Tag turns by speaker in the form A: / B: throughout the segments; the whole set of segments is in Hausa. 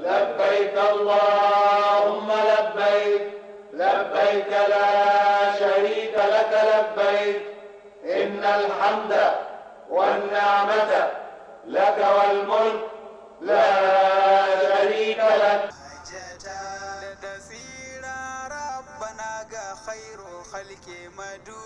A: لبيك اللهم لبيك لبيك لا شريك لك لبيك إن الحمد
B: والنعمة لك والملك لا شريك لك
C: ربنا خير خلق مدود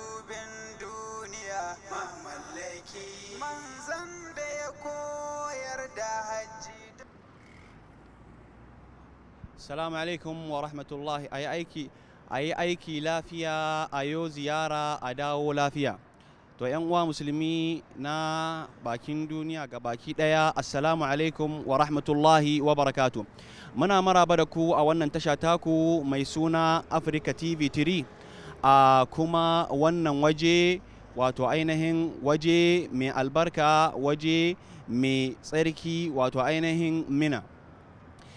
B: Salamu alaikum wa rahmatullahi a yi aiki a yi aiki lafiya a yo ziyara a dawo lafiya. To ‘yan uwa musulmi na bakin duniya ga baki ɗaya assalamu alaikum wa rahmatullahi wa barakatu. Muna maraba da ku a wannan tasha taku mai suna Africa TV 3 a kuma wannan waje wato ainihin waje mai albarka waje mai tsarki wato ainihin mina.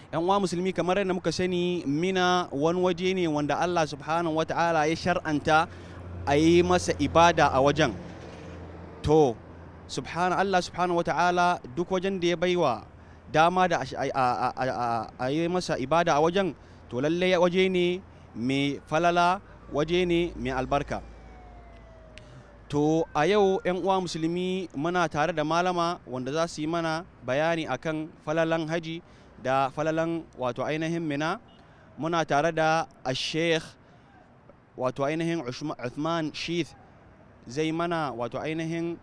B: yan uwa musulmi kamar yadda muka sani mina wani waje ne wanda Allah subhanahu wata'ala ya shar'anta a yi masa ibada a wajen to subhana Allah subhanahu wata'ala duk wajen da ya baiwa dama da a yi masa ibada a wajen to lalle waje ne mai falala waje ne mai albarka to a yau 'yan uwa musulmi muna tare da malama wanda za su yi mana bayani akan falalan haji da falalan wato ainihin mina muna tare da sheikh wato ainihin uthman sheath zai mana wato ainihin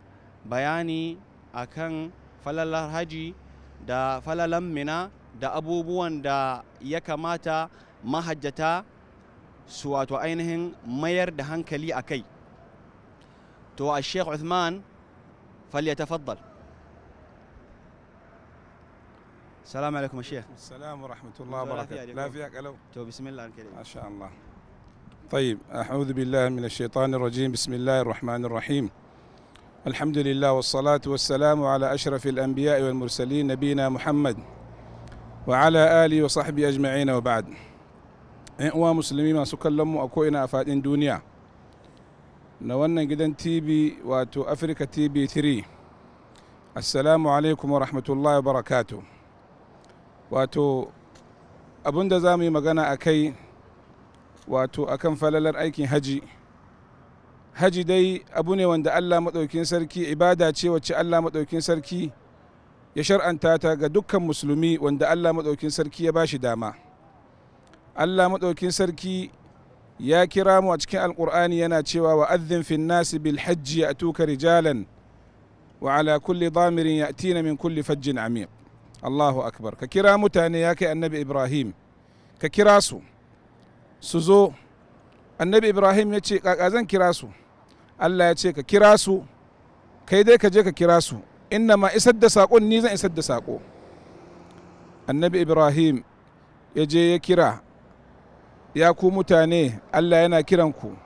B: bayani akan falalar haji da falalan mina da abubuwan da ya kamata mahajjata su wato ainihin mayar da hankali a kai to a sheikh uthman falyatafaddal السلام عليكم يا شيخ
A: السلام ورحمة الله وبركاته لا فيك ألو تو بسم الله الكريم ما شاء الله طيب أعوذ بالله من الشيطان الرجيم بسم الله الرحمن الرحيم الحمد لله والصلاة والسلام على أشرف الأنبياء والمرسلين نبينا محمد وعلى آله وصحبه أجمعين وبعد إنوا مسلمين ما masu أكوئنا أفادين a ko'ina جدا تي بي واتو أفريكا تي بي africa 3 السلام عليكم ورحمة الله وبركاته wato abin da za mu yi magana a kai wato kan falalar aikin haji haji dai abu ne wanda allah maɗaukin sarki ibada ce wacce allah maɗaukin sarki ya shar'anta ta ga dukkan musulmi wanda allah maɗaukin sarki ya ba shi dama allah maɗaukin sarki ya kira mu a cikin alkur'ani yana cewa wa adzin fi nasi bil hajji ya tuka rijalan wa ala kulli damirin ya tina min kulli fajjin amiq Allahu akbar ka kira mutane ya kai annabi Ibrahim ka kira su su zo annabi Ibrahim ya ce kaka zan kira su Allah ya ce ka kira su kai dai ka je ka kira su inna ma isar da saƙon ni zan isar da saƙo annabi Ibrahim ya je ya kira ya ku mutane Allah yana kiran kiranku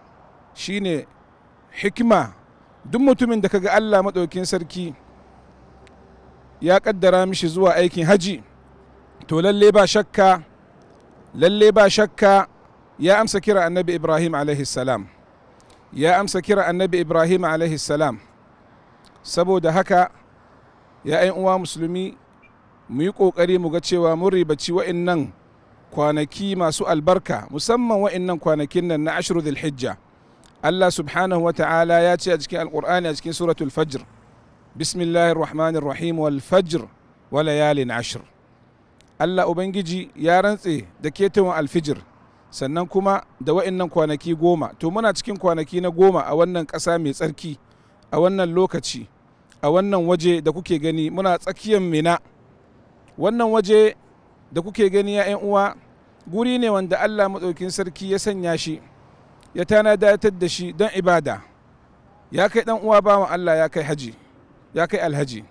A: shine hikima duk mutumin da kaga Allah maɗaukin sarki ya kaddara mishi zuwa aikin haji to lalle ba shakka lalle ba shakka ya amsa kira annabi ibrahim alaihi salam ya amsa kira annabi ibrahim alaihi salam saboda haka ya uwa musulmi mu yi ƙoƙari mu ga cewa mun ribaci wa'innan kwanaki masu albarka musamman wa'innan kwanakin nan na ashiru dhulhijja allah subhanahu wa ta'ala ya ce a cikin alƙur'ani a cikin suratul fajr bismillahir rahmanir rahim wal fajr wa layalin Allah ubangiji ya rantse da ketewar alfijir sannan kuma da wa'annan kwanaki goma to muna cikin kwanaki na goma a wannan ƙasa mai tsarki a wannan lokaci a wannan waje da kuke gani muna tsakiyar mina wannan waje da kuke gani ya uwa guri ne wanda allah maɗaukin sarki ya sanya shi ya tanadatar da shi don ibada ya kai ɗan uwa bawan allah ya kai haji ya kai alhaji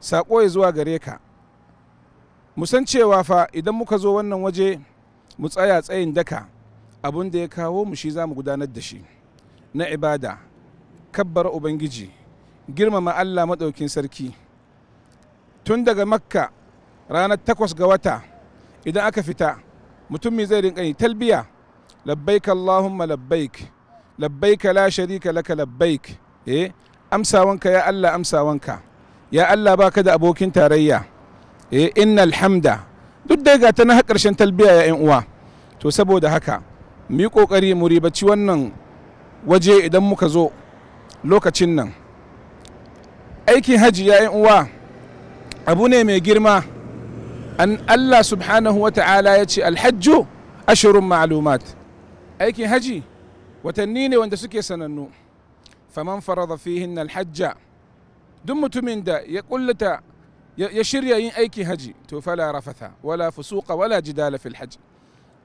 A: saƙo ya zuwa gare ka Mu san cewa fa idan muka zo wannan waje mu tsaya tsayin daka abin da ya kawo mu shi za mu gudanar da shi na ibada kabbar ubangiji girmama allah maɗaukin sarki tun daga makka ranar takwas ga wata idan aka fita mutum zai rinka yi talbiya labbaik allahumma labbaik labbaik la sharika laka labbaik eh amsawanka ya Allah amsawanka ya Allah baka da abokin tarayya eh innal hamda duk dai ga ta na ƙarshen talbiya ya yan uwa to saboda haka mu yi ƙoƙari mu ribaci wannan waje idan muka zo lokacin nan aikin haji ya yan uwa abu ne mai girma an Allah subhanahu wa ta'ala ya ce alhajju ashirin ma'alumat aikin haji watanni ne wanda suke sanannu faman farada fihin alhajja duk mutumin da ya kullata ya shirya yin aikin haji to fala rafatha wala fusuqa wala jidala fil hajj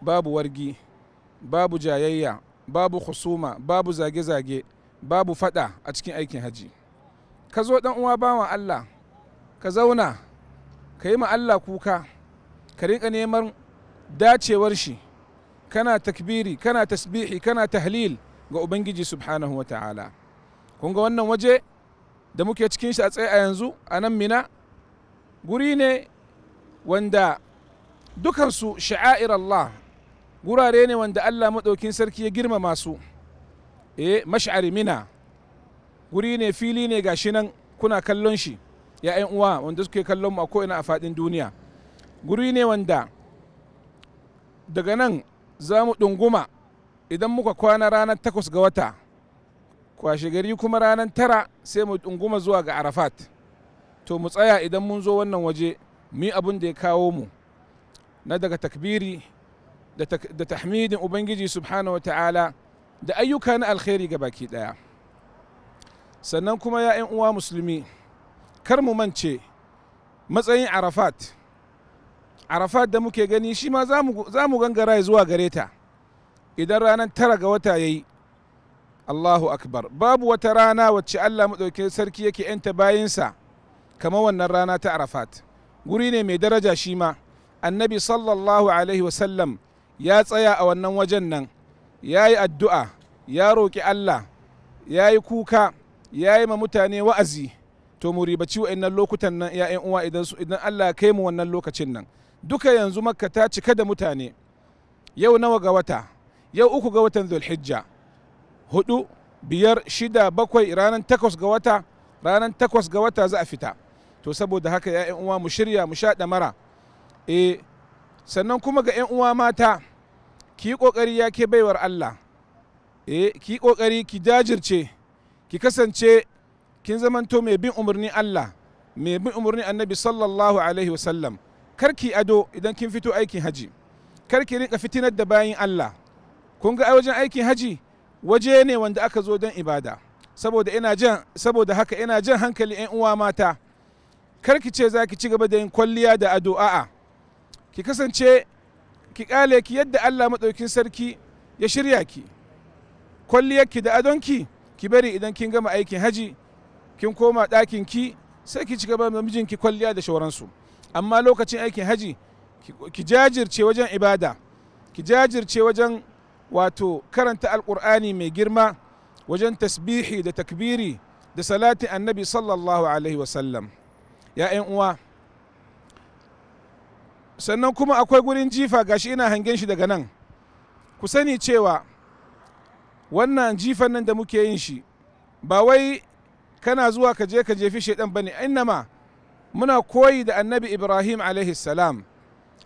A: babu wargi babu jayayya babu husuma babu zage-zage babu fada a cikin aikin haji ka zo dan uwa bawan Allah ka zauna ka yi ma Allah kuka ka rinka neman dacewar shi kana takbiri kana tasbihi kana tahlil ga ubangiji subhanahu wa ta'ala Kunga wannan waje da muke cikin shi a tsaye a yanzu a nan mina guri ne wanda dukansu sha'air Allah gurare ne wanda Allah maɗaukin sarki ya girmama su eh mash'ari mina guri ne fili ne gashi nan kuna kallon shi ya uwa wanda suke kallon mu a ko'ina a faɗin duniya guri ne wanda daga nan za mu ɗunguma idan muka kwana ranar takwas ga wata kwashe gari kuma ranar tara sai mu ɗunguma zuwa ga arafat to mu tsaya idan mun zo wannan waje mu yi abin da ya kawo mu na daga takbiri da tahmidin ubangiji subhanahu wa ta'ala da ayyuka na alkhairi ga baki ɗaya sannan kuma ya uwa musulmi kar mu mance matsayin arafat arafat da muke gani shi ma za mu gangara zuwa gare ta idan ranar tara ga wata ya yi Allahu akbar babu wata rana wacce Allah maɗauki sarki yake yanta bayinsa kamar wannan rana ta Arafat guri ne mai daraja shi ma annabi sallallahu alaihi wasallam ya tsaya a wannan wajen nan ya yi addu'a ya roƙi Allah ya yi kuka ya yi ma mutane wa'azi to mu ribaci wa'annan lokutan nan ‘ya'yan uwa idan Allah ya kai mu wannan lokacin nan duka yanzu makka ta cika da mutane yau nawa ga wata yau uku ga watan zulhijja hudu biyar shida bakwai ranar takwas ga wata ranar takwas ga wata za a fita to saboda haka ya uwa mu shirya mu sha ɗamara e sannan kuma ga 'yan uwa mata ki yi ƙoƙari ya ke baiwar allah e ki yi ƙoƙari ki jajirce ki kasance kin zamanto mai bin umarnin allah mai bin umarnin annabi sallallahu alaihi wasallam kar ado idan kin fito aikin haji kar rinka fitinar da bayin allah kun ga a wajen aikin haji waje ne wanda aka zo don ibada saboda ina jan saboda haka ina jan hankali yan uwa mata karki ce za ki ci gaba da yin kwalliya da ado ki kasance ki kale ki yadda Allah maɗaukin sarki ya shirya ki kwalliyarki da adonki ki bari idan kin gama aikin haji kin koma ɗakin ki sai ki ci gaba da mijinki kwalliya da shauransu amma lokacin aikin haji ki jajirce wajen ibada ki jajirce wajen wato karanta alkur'ani mai girma wajen tasbihi da takbiri da salati annabi sallallahu alaihi wasallam ya uwa sannan kuma akwai gurin jifa gashi ina hangen shi daga nan ku sani cewa wannan jifan nan da muke yin shi ba wai kana zuwa ka je ka jefi shaidan bane innama muna koyi da annabi ibrahim alaihi salam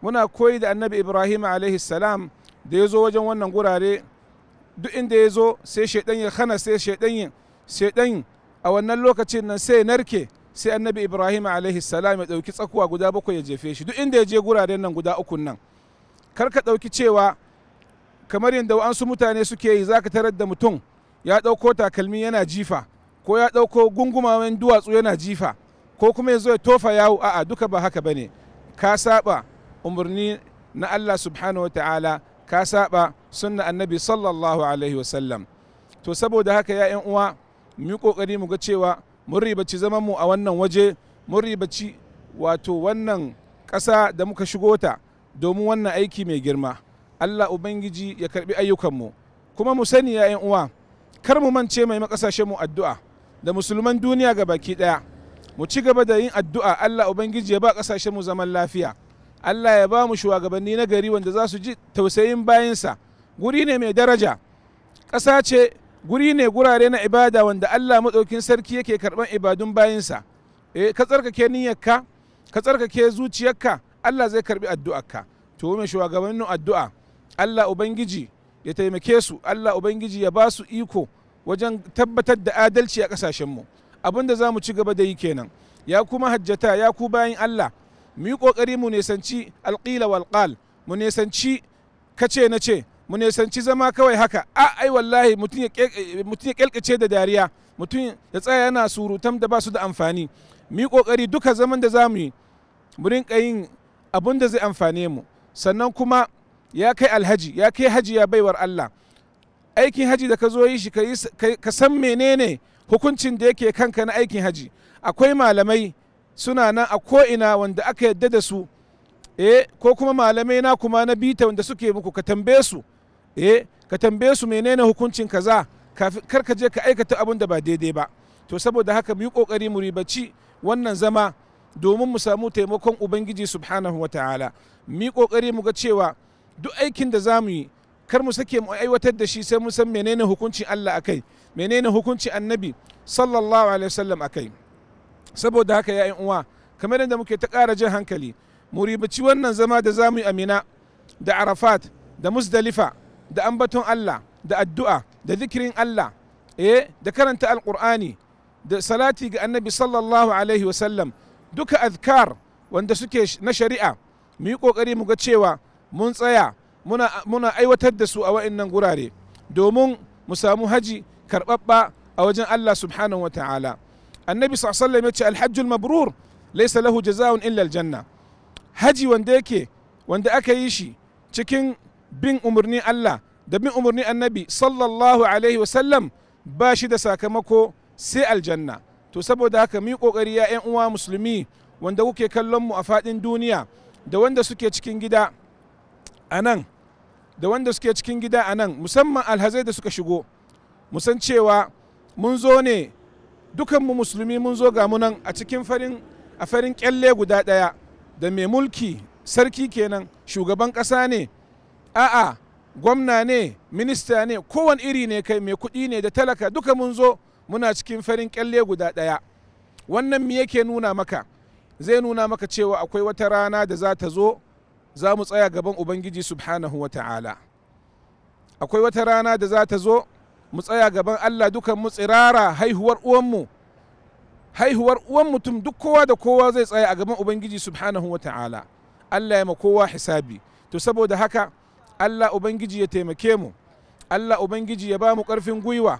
A: muna koyi da annabi ibrahim alaihi salam da ya zo wajen wannan gurare duk inda ya zo sai shaidan ya hana sai shaidan shaidan a wannan lokacin nan sai narke sai annabi ibrahim alaihi salam ya ɗauki tsakuwa guda bakwai ya jefe shi duk inda ya je guraren nan guda ukun nan kar ka ɗauki cewa kamar yadda wa'ansu mutane suke yi zaka tarar da mutum ya ɗauko takalmi yana jifa ko ya ɗauko gungumawan duwatsu yana jifa ko kuma ya zo ya tofa yawo a'a duka ba haka bane ka saba umarni na allah subhanahu wa ta'ala ka saba sunna annabi sallallahu alaihi wasallam to saboda haka ya uwa mu yi kokari mu ga cewa mun ribaci zaman mu a wannan waje mun ribaci wato wannan ƙasa da muka shigo ta domin wannan aiki mai girma Allah ubangiji ya karbi ayyukanmu kuma mu sani ya uwa kar mu mance mai makasashen mu addu'a da musulman duniya ga baki daya mu ci gaba da yin addu'a Allah ubangiji ya ba ƙasashen mu zaman lafiya Allah ya ba mu shugabanni na gari wanda za su ji tausayin bayinsa guri ne mai daraja ƙasa ce guri ne gurare na ibada wanda Allah maɗaukin sarki yake karɓan ibadun bayinsa eh ka tsarkake niyyarka ka tsarkake zuciyarka Allah zai karɓi addu'arka to mai shugabannin addu'a Allah ubangiji ya taimake su Allah ubangiji ya ba su iko wajen tabbatar da adalci a ƙasashenmu abin da za mu ci gaba da yi kenan ya kuma hajjata ya ku bayan Allah mu yi ƙoƙari mu nisanci alƙila walƙal mu nisanci kace na ce mu nisanci zama kawai haka a ai wallahi mutum ya ƙyalƙace da dariya mutum ya tsaya yana surutan da basu da amfani mu yi ƙoƙari duka zaman da zamu mu yi mu rinƙa yin abun da zai amfane mu sannan kuma ya kai alhaji ya kai haji ya baiwar Allah aikin haji da ka zo yi shi ka san menene hukuncin da yake kanka na aikin haji akwai malamai suna nan a ko'ina wanda aka yadda da su e ko kuma malamai na kuma na bita wanda suke muku ka tambaye su e ka tambaye su menene hukuncin kaza kar ka je ka aikata abin da ba daidai ba to saboda haka mu yi kokari mu ribaci wannan zama domin mu samu taimakon ubangiji subhanahu wa ta'ala mu yi kokari mu ga cewa duk aikin da za mu yi kar mu sake mu aiwatar da shi sai mu san menene hukuncin Allah akai menene hukuncin annabi sallallahu alaihi wasallam akai saboda haka ya uwa kamar yadda muke ta ƙara jin hankali mu ribaci wannan zama da za mu yi amina da arafat da musdalifa da ambaton allah da addu'a da zikirin allah eh da karanta alƙur'ani da salati ga annabi sallallahu alaihi wasallam duka azkar wanda suke na shari'a mu yi ƙoƙari mu ga cewa mun tsaya muna, muna aiwatar da su a wa'innan gurare domin mu samu haji karɓaɓɓa a wajen allah subhanahu wa ta'ala annabi sallallahu ya ce alhajjul mabrur laisa lahu jaza'un illa aljanna haji wanda yake wanda aka yi shi cikin bin umarni Allah da bin umarni annabi sallallahu alaihi wasallam ba shi da sakamako sai aljanna to saboda haka mu kokari ya uwa musulmi wanda kuke kallon mu a fadin duniya da wanda suke cikin gida a nan da wanda suke cikin gida a nan musamman alhazai da suka shigo musan cewa mun zo ne dukanmu musulmi mun zo ga nan a cikin farin a farin kyalle guda ɗaya da mai mulki sarki kenan shugaban ƙasa ne a'a gwamna ne minista ne kowane iri ne kai mai kuɗi ne da talaka duka mun zo muna cikin farin kyalle guda ɗaya wannan me yake nuna maka zai nuna maka cewa akwai wata rana da za ta zo za mu tsaya gaban ubangiji subhanahu wa ta'ala akwai wata rana da za ta zo mu tsaya gaban Allah dukan mu tsirara haihuwar uwanmu haihuwar uwan mutum duk kowa da kowa zai tsaya a gaban ubangiji subhanahu wa ta'ala Allah ya ma kowa hisabi to saboda haka Allah ubangiji ya taimake mu Allah ubangiji ya ba mu karfin gwiwa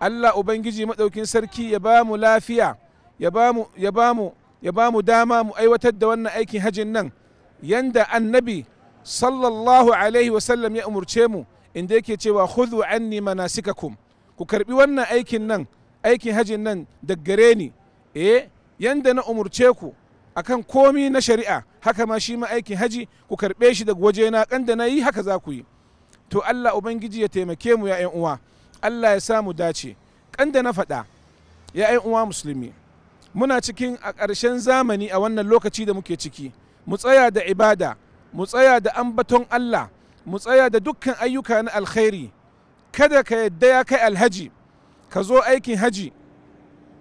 A: Allah ubangiji madaukin sarki ya ba mu lafiya ya ba mu ya ba mu ya ba mu dama mu aiwatar da wannan aikin hajin nan yanda annabi sallallahu alaihi sallam ya umurce mu inda yake cewa khudhu anni manasikakum ku karbi wannan aikin nan aikin hajin nan daggare ni eh yanda na umurce ku akan komi na shari'a haka ma shi ma aikin haji ku karbe shi daga wajena kan da na yi haka za ku yi to Allah ubangiji ya taimake mu ya uwa Allah ya sa mu dace kan da na faɗa ya uwa musulmi muna cikin a ƙarshen zamani a wannan lokaci da muke ciki mu tsaya da ibada mu tsaya da ambaton Allah mu tsaya da dukkan ayyuka na alkhairi kada ka yadda ya kai alhaji ka zo aikin haji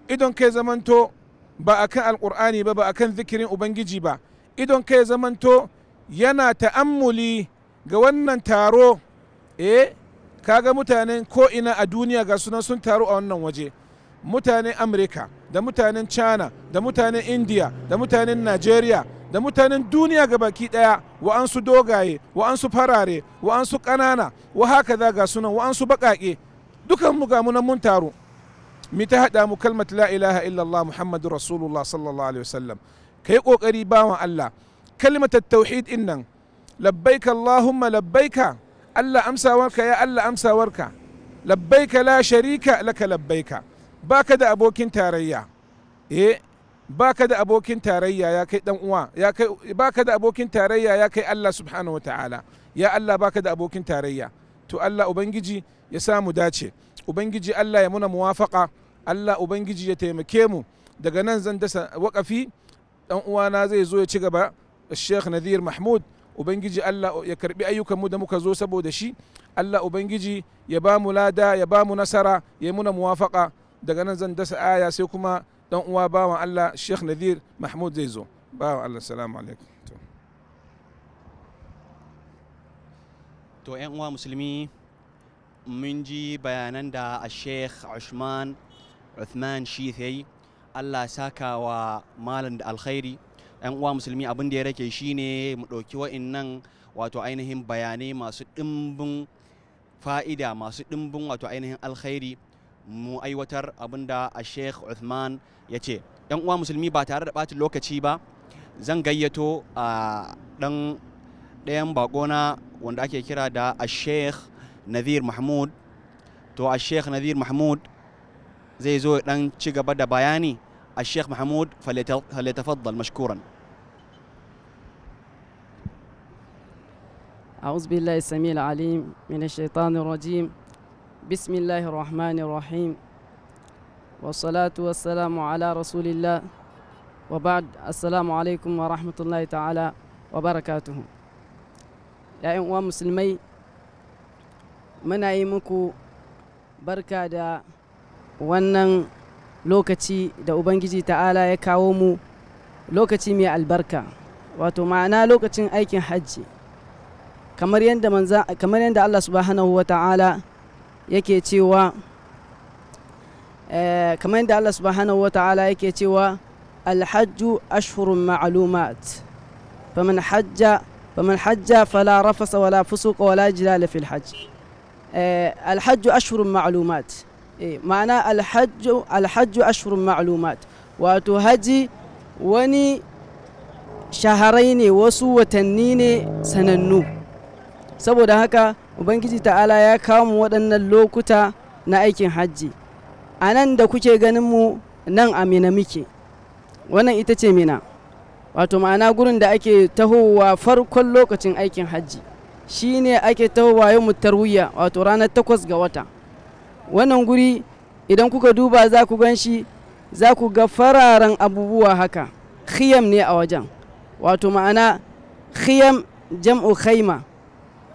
A: idon kai zamanto ba a kan alkur'ani ba ba a kan zikirin ubangiji ba idon kai zamanto yana ta'ammuli ga wannan taro eh kaga mutanen ko'ina a duniya ga sunan sun taru a wannan waje mutanen amurka da mutanen china da mutanen india da mutanen nigeria da mutanen duniya ga baki ɗaya wa'ansu dogaye wa'ansu farare wa'ansu ƙanana wa haka za ga sunan wa'ansu baƙaƙe dukan mu ga munan mun taru mi ta haɗa mu kalmat la ilaha illallah muhammadu rasulullah sallallahu alaihi wasallam kai kokari ƙoƙari bawan allah kalmatar tauhid in nan labbaika allahumma labbaika allah amsawarka ya allah amsawarka labbaika la sharika laka labbaika baka da abokin tarayya eh baka da abokin tarayya ya kai dan uwa ya kai baka da abokin tarayya ya kai Allah subhanahu wataala ya Allah baka da abokin tarayya to Allah ubangiji ya samu dace ubangiji Allah ya muna muwafaka Allah ubangiji ya taimake mu daga nan zan dasa wakafi dan uwana zai zo ya ci gaba Sheikh Nadir Mahmud ubangiji Allah ya karbi mu da muka zo saboda shi Allah ubangiji ya ba mu lada ya ba mu nasara ya muna muwafaka daga nan zan dasa aya sai kuma dan uwa bawa Allah Sheikh Nadir Mahmud zai zo bawan Allah salamu alaikum
B: to yan uwa musulmi mun ji bayanan da a Sheikh Uthman Uthman Shithay Allah saka wa malam da alkhairi Ƴan uwa musulmi abin da ya rake shine mu ɗauki wa'innan wato ainihin bayanai masu dimbin fa'ida masu dimbin wato ainihin alkhairi mu aiwatar abinda a sheikh uthman yace dan uwa musulmi ba tare da bacin lokaci ba zan gayyato a ɗan ɗayan bakona wanda ake kira da a sheikh Nadir mahmud to a sheikh Nadir mahmud zai zo dan ci gaba da bayani a sheikh mahmud falitafaddal mashkuran
C: أعوذ بالله السميع العليم من الشيطان الرجيم بسم الله الرحمن الرحيم والصلاة والسلام على رسول الله وبعد السلام عليكم ورحمة الله تعالى وبركاته يا أيها المسلمين من أيمكو بركة دا ونن لوكتي دا أبنجي تعالى يكاومو لوكتي مي البركة معنا لوكتي أيكي حجي كمرين دا منزا كمرين دا الله سبحانه وتعالى تعالى yake cewa eh kamar yadda Allah subhanahu wata'ala yake cewa alhajju ashhurun ma'lumat faman hajja faman hajja fala rafasa wala fusuqa wala jilala fil hajj alhajju ashhurun ma'lumat eh ma'ana alhajju alhajju ashhurun ma'lumat wa tuhaji wani shaharai ne wasu watanni ne sanannu saboda haka ubangiji ta'ala ya kawo mu waɗannan lokuta na aikin hajji a nan da kuke ganin mu nan a mina muke wannan ita ce mina wato ma'ana gurin da ake tahowa farkon lokacin aikin hajji shi ne ake tahowa yau tarwiya wato ranar takwas ga wata wannan guri idan kuka duba za ku gan shi za ku ga fararen abubuwa haka khiyam ne a wajen wato ma'ana khiyam jam'u khaima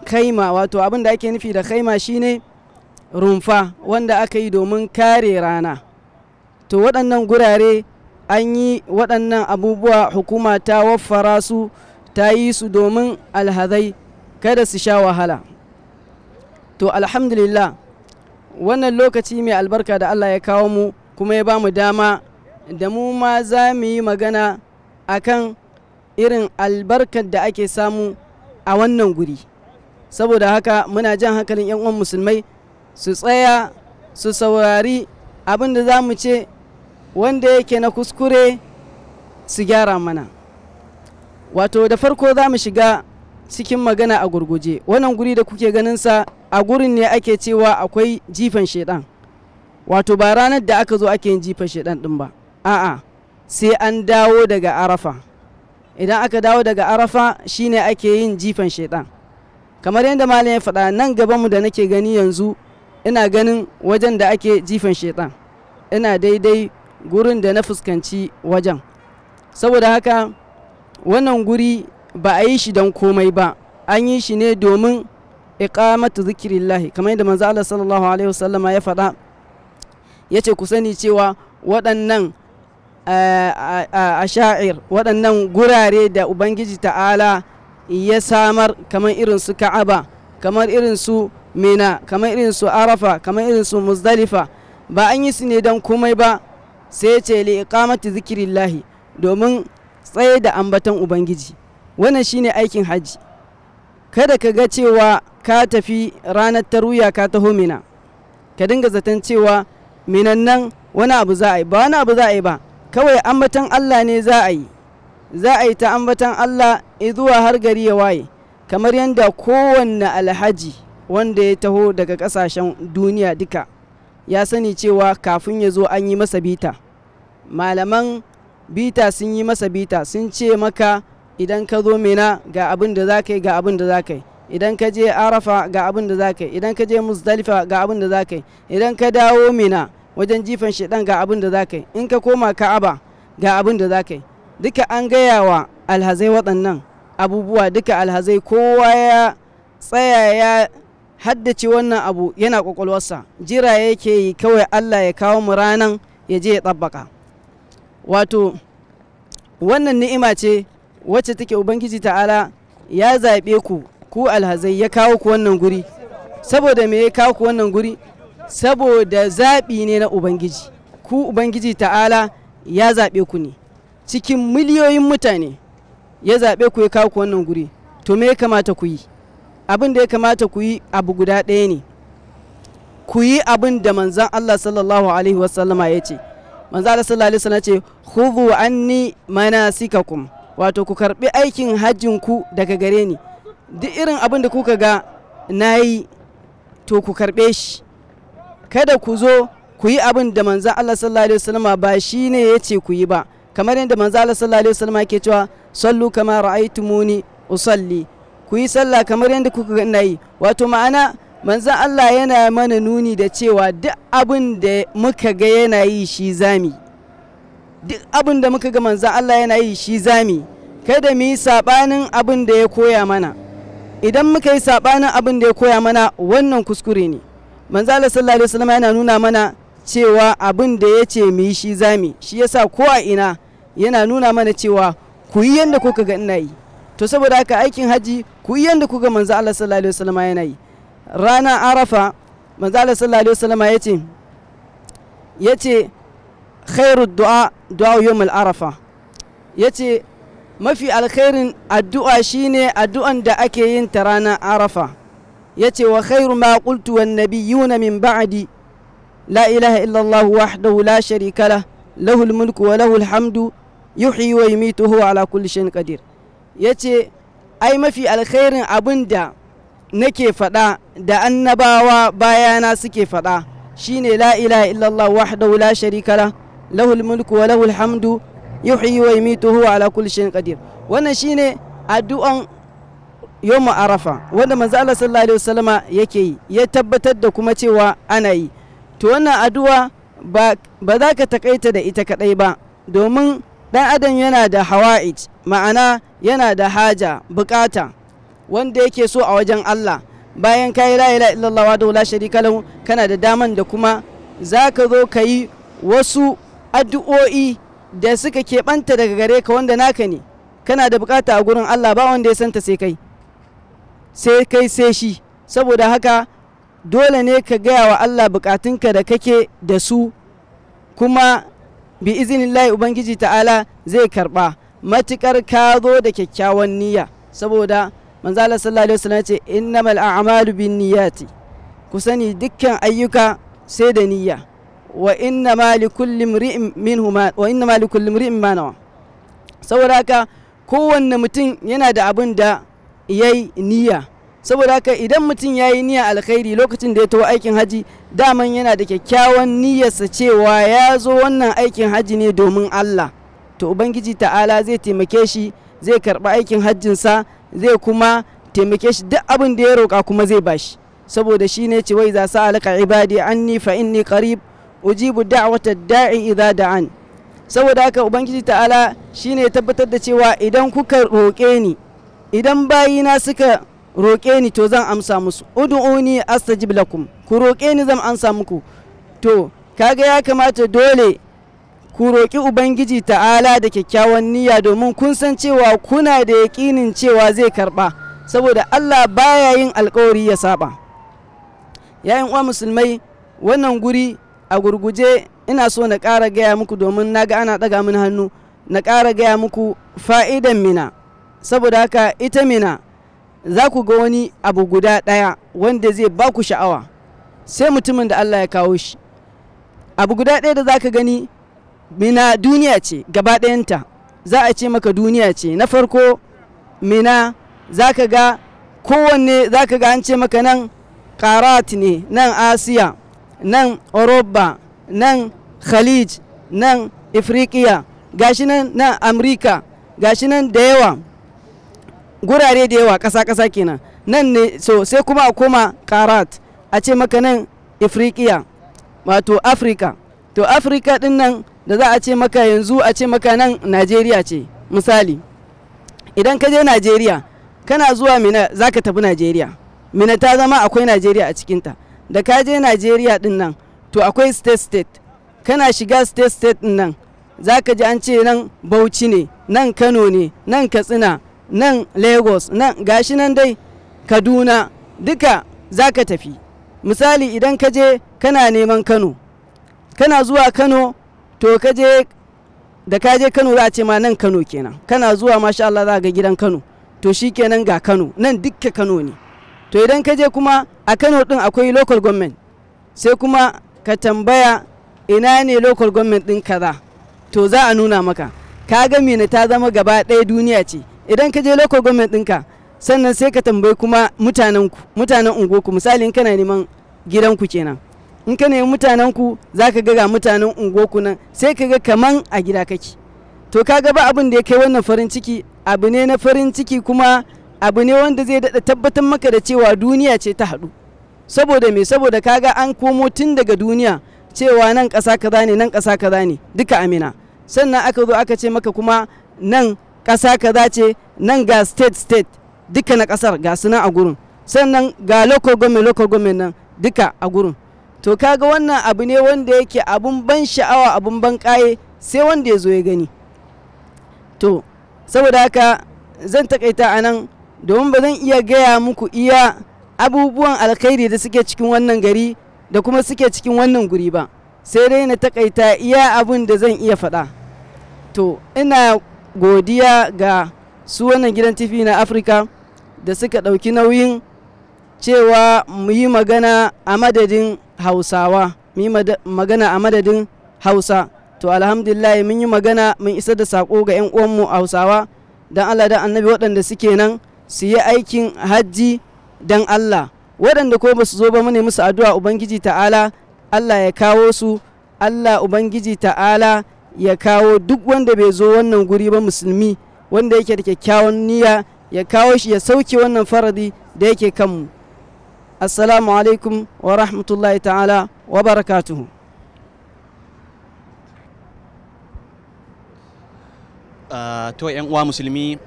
C: kaima wato abin da ake nufi da kaima shine rumfa wanda aka yi domin kare rana to waɗannan gurare an yi waɗannan abubuwa hukuma ta waffara su ta yi su domin alhazai kada su sha wahala to alhamdulillah wannan lokaci mai albarka da allah ya kawo mu kuma ya ba mu dama da mu ma za mu yi magana akan irin albarkar da ake samu a wannan guri saboda haka muna jan hankalin 'yan uwan musulmai su tsaya su saurari abin da za mu ce wanda yake na kuskure su gyara mana wato da farko za mu shiga cikin magana a gurguje wannan guri da kuke ganinsa a gurin ne ake cewa akwai jifan shaidan wato ba ranar da aka zo ake yin jifan shaidan din ba a'a sai an dawo daga arafa idan aka dawo daga arafa shine ake yin jifan shaidan kamar yadda malam ya faɗa nan mu da nake gani yanzu ina ganin wajen da ake jifan shaitan ina daidai gurin da na fuskanci wajen saboda haka wannan guri ba a yi shi don komai ba an yi shi ne domin iqamatu zikirillahi kamar yadda manzo Allah sallallahu alaihi wasallama ya faɗa ya ce ku sani cewa waɗannan eh, sha'ir waɗannan gurare da ubangiji ta'ala ya samar kamar irin su ka'aba kamar irin su mina kamar irin su arafa kamar irin su muzdalifa ba an yi su ne don komai ba sai ce li zikirin zikirillahi domin tsaye da ambaton ubangiji wannan shine aikin hajji kada ka ga cewa ka tafi ranar taruya ka taho mina ka dinga zaton cewa minan nan wani abu za a yi ba wani abu za a yi ba kawai ambaton allah ne za a yi za a yi ta ambatan Allah zuwa har gari ya waye kamar yadda kowanne alhaji wanda ya taho daga ƙasashen duniya duka ya sani cewa kafin ya zo an yi masa bita malaman bita sun yi masa bita sun ce maka idan ka zo mena ga abin da za ka yi ga abin da za ka yi idan ka je arafa ga abin da za ka yi idan ka je musdalifa ga abin da za ka yi idan ka dawo mena wajen jifan shiɗan ga abin da za ka yi in ka koma ka'aba ga abin da za ka yi duka an gaya wa alhazai waɗannan abubuwa duka alhazai kowa ya tsaya ya haddace wannan abu yana kwakwalwarsa jira yake yi kawai allah ya kawo mu ranan ya je ya tsabbaka wato wannan ni'ima ce wacce take ubangiji ta'ala ya zaɓe ku ku alhazai ya kawo ku wannan guri saboda me ya kawo ku wannan guri saboda zaɓi ne na ubangiji ku ubangiji ta'ala ya zaɓe ku ne cikin miliyoyin mutane ya zaɓe ku ya kawo ku wannan guri to me ya kamata ku yi abin da ya kamata ku yi abu guda ɗaya ne ku yi abin da manzan Allah sallallahu alaihi wasallama ya ce manzan Allah sallallahu alaihi ya ce khudhu anni manasikakum wato ku karbi aikin hajjin ku daga gare ni duk irin abin da kuka ga nayi to ku karbe shi kada ku zo ku yi abin da manzan Allah sallallahu alaihi wasallama ba shine ya ce ku yi ba kamar yadda manzo Allah sallallahu alaihi wasallam yake cewa sallu kama ra'aytumuni usalli ku yi sallah kamar yadda kuka ga yi wato ma'ana manzo Allah yana mana nuni da cewa duk abin da muka ga yana yi shi zami duk abin da muka ga manzo Allah yana yi shi zami kada mu yi sabanin abin da ya koya mana idan muka yi sabanin abin da ya koya mana wannan kuskure ne manzo Allah sallallahu alaihi wasallam yana nuna mana cewa abin da ya ce mu yi shi zami shi yasa ko a ina yana nuna mana cewa ku yi yanda kuka ga ina yi to saboda haka aikin haji ku yi yadda kuka manzo Allah sallallahu alaihi wasallam yana yi rana arafa manzo Allah sallallahu alaihi wasallam yace yace khairu du'a du'a yawm al-arafa ya ce mafi alkhairin addu'a shine addu'an da ake yin ta ranar arafa ya ce wa khairu ma qultu wan nabiyyuna min ba'di la ilaha illa Allah wahdahu la sharika lah lahul mulku wa lahul hamdu yuhyi wa yumitu ala kulli shay'in qadir yace ai mafi alkhairin abin da nake fada da annabawa bayana suke fada shine la ilaha illallah wahdahu la sharika la lahul mulku wa lahul hamdu yuhyi wa yumitu ala kulli shay'in qadir wannan shine addu'an yawm arafa wanda manzo Allah sallallahu alaihi wasallama yake yi ya tabbatar da kuma cewa ana yi to wannan addu'a ba za ka takaita da ita kadai ba domin dan adam yana da hawa'ij ma'ana yana da haja bukata wanda yake so a wajen Allah bayan ka yi la'ila illallah wa la sharika lahu kana da daman da kuma za ka zo ka yi wasu addu'o'i da suka keɓanta daga gare ka wanda naka ne kana da bukata a gurin Allah ba wanda ya santa sai kai sai kai sai shi saboda haka dole ne ka gaya wa Allah bukatunka da kake da su kuma bi izinillahi ubangiji ta'ala zai karba matukar ka zo da kyakkyawan niyya saboda manzala sallallahu alaihi wasallam ce innamal a'malu bin niyyati ku sani dukkan ayyuka sai da niyya wa innama likulli mri'in minhum wa innama likulli mri'in ma nawa saboda haka kowanne mutum yana da abin da yayi niyya saboda haka idan mutum ya yi niyya alkhairi lokacin da ya taho aikin haji daman yana da kyakkyawan niyyarsa cewa ya zo wannan aikin haji ne domin Allah to ubangiji ta'ala zai taimake shi zai karba aikin hajjinsa zai kuma taimake shi duk abin da ya roƙa kuma zai bashi saboda shi ne ce wai za sa alaka ibadi anni fa inni qarib ujibu da'wata da'i idza da'an saboda haka ubangiji ta'ala shine tabbatar da cewa idan kuka roƙe ni idan bayina suka roƙe ni to zan amsa musu ud'uni astajib lakum ku roƙe ni zan amsa muku to kaga ya kamata dole ku roƙi ubangiji ta'ala da kyakkyawan niyya domin kun san cewa kuna da yaƙinin cewa zai karɓa saboda Allah baya yin alƙawari ya saba yayin uwa musulmai wannan guri a gurguje ina so na ƙara gaya muku domin na ga ana ɗaga min hannu na ƙara gaya muku fa'idan mina saboda haka ita mina za ku ga wani abu guda ɗaya wanda zai ba ku sha'awa sai mutumin da Allah ya kawo shi abu guda ɗaya da za ka gani mina duniya ce gaba ɗayanta za a ce maka duniya ce na farko mina za ka ga kowanne za ka ga an ce maka nan karat ne nan asiya nan oroba nan khalij nan ifriqiya gashi nan nan amurka gashi nan da yawa gurare da yawa ƙasa-ƙasa kenan nan ne so sai kuma a koma karat a ce maka nan ifriqiya wato afirka to afirka din nan da za a ce maka yanzu a ce maka nan najeriya ce misali idan ka je najeriya kana zuwa mina za ka tafi najeriya mina ta zama akwai najeriya a cikinta da ka je najeriya din nan to akwai state state kana shiga state state din nan za ka ji an ce nan bauchi ne nan kano ne nan katsina nan lagos nan gashi nan dai kaduna duka za ka tafi misali idan ka je kana neman kano kana zuwa kano to ka je da ka je kano za a ce ma nan kano kenan kana zuwa masha Allah za ga gidan kano to shi kenan ga kano nan duka kano ne to idan ka je kuma a kano din akwai local government sai kuma ka tambaya ina ne local government din kaza to za a nuna maka ka ga mina ta zama gaba ɗaya duniya ce idan ka je local government ɗinka sannan sai ka tambayi kuma mutanen ku mutanen unguwarku misali in kana neman gidanku kenan in ka nemi mutanen ku za ka ga mutanen unguwarku nan sai ka ga kaman a gida kake to ka ga ba abin da ya kai wannan farin ciki abu ne na farin ciki kuma abu ne wanda zai daɗa tabbatar maka da cewa duniya ce ta haɗu saboda me saboda kaga an komo tun daga duniya cewa nan ƙasa kaza ne nan ƙasa kaza ne duka amina sannan aka zo aka ce maka kuma nan ƙasa ka zace nan ga state state duka na ƙasar ga su a gurin sannan ga local government local government nan duka a gurin to kaga wannan abu ne wanda yake abun ban sha'awa abun ban ƙaye sai wanda ya zo ya gani to saboda haka zan takaita a nan domin ba zan iya gaya muku iya abubuwan alkhairi da suke cikin wannan gari da kuma suke cikin wannan guri ba sai dai na takaita iya abun da zan iya faɗa to ina godiya ga su wannan gidan tifi na afirka da suka ɗauki nauyin cewa mu yi magana a madadin hausawa mu yi magana a madadin hausa to alhamdulillah mun yi magana mun isar da sako ga 'yan uwanmu hausawa don allah da annabi waɗanda suke nan su yi aikin hajji don allah waɗanda ko basu zo ba mu ne musu addu'a ubangiji ta'ala allah ya kawo su allah ubangiji ta'ala ya kawo duk wanda bai zo wannan guri ba musulmi wanda yake da kyakkyawan niyya ya kawo shi ya sauke wannan faradi da yake kanmu assalamu alaikum wa rahmatullahi ta'ala wa barakatuhu
B: ah, to yan uwa musulmi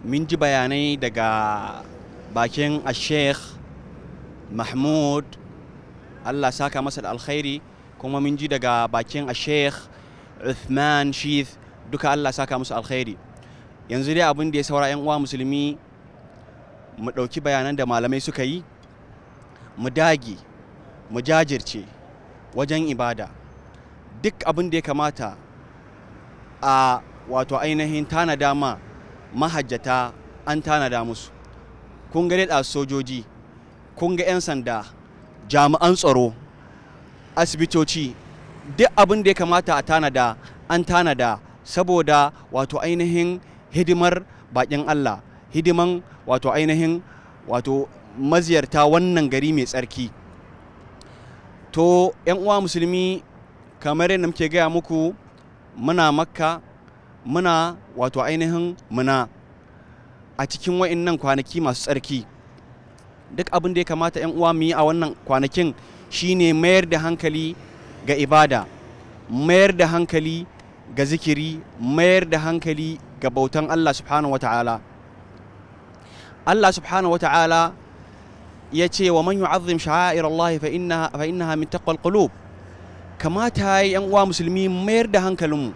B: min ji bayanai daga bakin sheikh mahmud allah saka masa da alkhairi kuma min ji daga bakin sheikh Uthman Shith duka Allah saka musu alkhairi yanzu dai abin da ya saura 'yan uwa musulmi mu ɗauki bayanan da malamai suka yi mu dage mu jajirce wajen ibada duk abin da ya kamata a wato ainihin tanada ma mahajjata an tanada musu kun ga da sojoji kun ga 'yan sanda jami'an tsaro asibitoci duk abin da ya kamata a tanada an tanada saboda wato ainihin hidimar bakin Allah hidiman wato ainihin wato maziyarta wannan gari mai tsarki to yan uwa musulmi kamar yadda muke gaya muku muna makka muna wato ainihin muna a cikin wa'innan kwanaki masu tsarki duk abin da ya kamata yan uwa mu yi a wannan kwanakin shine mayar da hankali ga ibada mayar da hankali ga zikiri mayar da hankali ga bautan Allah subhanahu wata'ala Allah subhanahu wata'ala ya ce wa man yu'azzim sha'air Allah fa innaha fa innaha min taqwal qulub kamata yan uwa musulmi mayar da hankalinmu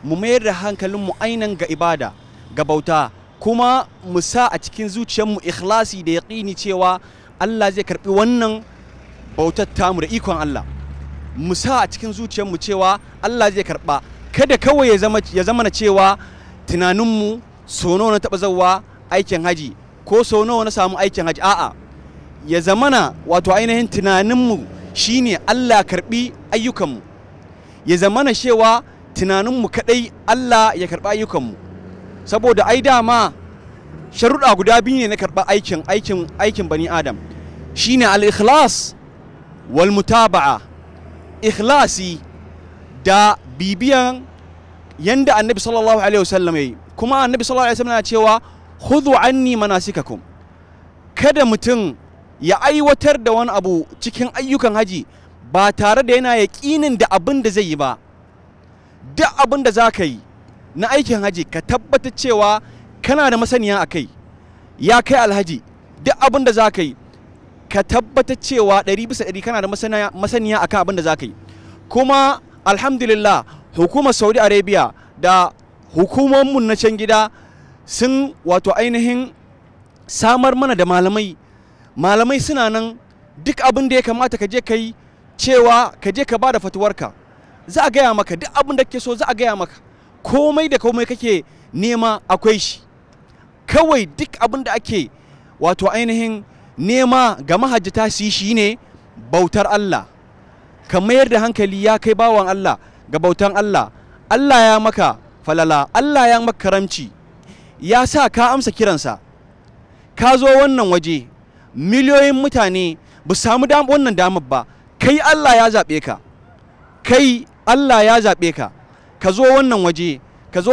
B: mu mayar da hankalinmu ainan ga ibada ga bauta kuma mu sa a cikin zuciyarmu ikhlasi da yaqini cewa Allah zai karbi wannan bautar tamu da ikon Allah mu sa a cikin zuciyarmu cewa Allah zai karba kada kawai ya zama ya zama na cewa tunaninmu so na taɓa zawa aikin haji ko so na samu aikin haji a'a ya zamana wato ainihin tunaninmu shine Allah karbi ayyukanmu ya zamana cewa tunaninmu kadai Allah ya karba ayyukanmu saboda ai dama sharuɗa guda biyu ne na karba aikin aikin aikin bani adam shine al-ikhlas wal mutaba'a ikhlasi da bibiyan yanda annabi sallallahu alaihi wasallam yayi kuma annabi sallallahu alaihi wasallam yana cewa khudhu anni manasikakum kada mutum ya aiwatar da wani abu cikin ayyukan haji ba tare da yana yaƙinin da abin da zai yi ba duk abin da za ka yi na aikin haji ka tabbatar cewa kana da masaniya a kai ya kai alhaji duk abin da za ka yi ka tabbatar cewa ɗari bisa ɗari kana da masaniya akan abin da za ka yi kuma alhamdulillah hukumar saudi arabia da hukumomin na can gida sun wato ainihin samar mana da malamai malamai suna nan duk abin da ya kamata ka je ka yi cewa ka je ka ba da fatuwarka za a gaya maka duk abin da kake so za a gaya maka komai da komai kake nema akwai shi kawai duk abin da ake wato ainihin nema ga mahajjata su yi shine bautar Allah ka mayar da hankali ya kai bawan Allah ga bautan Allah Allah ya maka falala Allah ya maka karamci ya sa ka amsa kiransa ka zo wannan waje miliyoyin mutane ba samu wannan damar ba kai Allah ya zaɓe ka kai Allah ya zaɓe ka ka zo wannan waje ka zo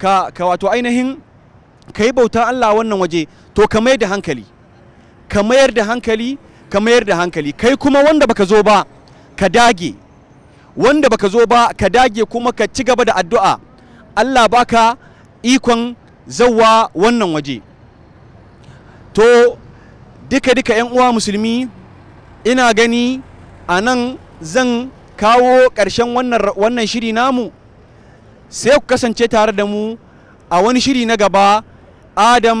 B: ka wato ainihin ka yi bautan Allah wannan waje to ka mayar da hankali ka mayar da hankali ka mayar da hankali kai kuma wanda baka zo ba ka dage wanda baka zo ba ka dage kuma ka ci gaba da addu'a Allah baka ikon zawa wannan waje to duka duka yan uwa musulmi ina gani a nan zan kawo ƙarshen wannan shiri namu sai ku kasance tare da mu a wani shiri na gaba adam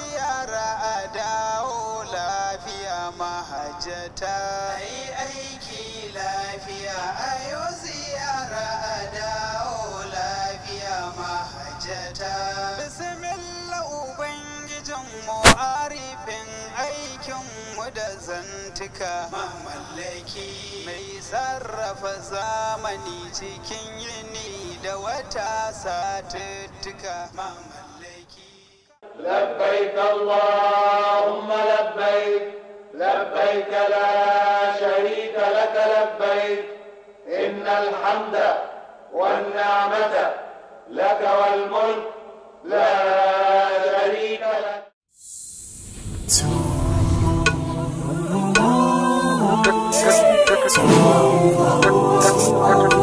B: jata ai
C: aiki lafiya ayo ziyara a dawo lafiya mahajjata bismillah ubangijin mu arifin aikin mu da zantuka mamallaki mai sarrafa zamani cikin yini da wata satuttuka mamallaki labbaik allahumma labbaik لبيك لا
A: شريك لك لبيك إن الحمد والنعمة لك والملك لا شريك لك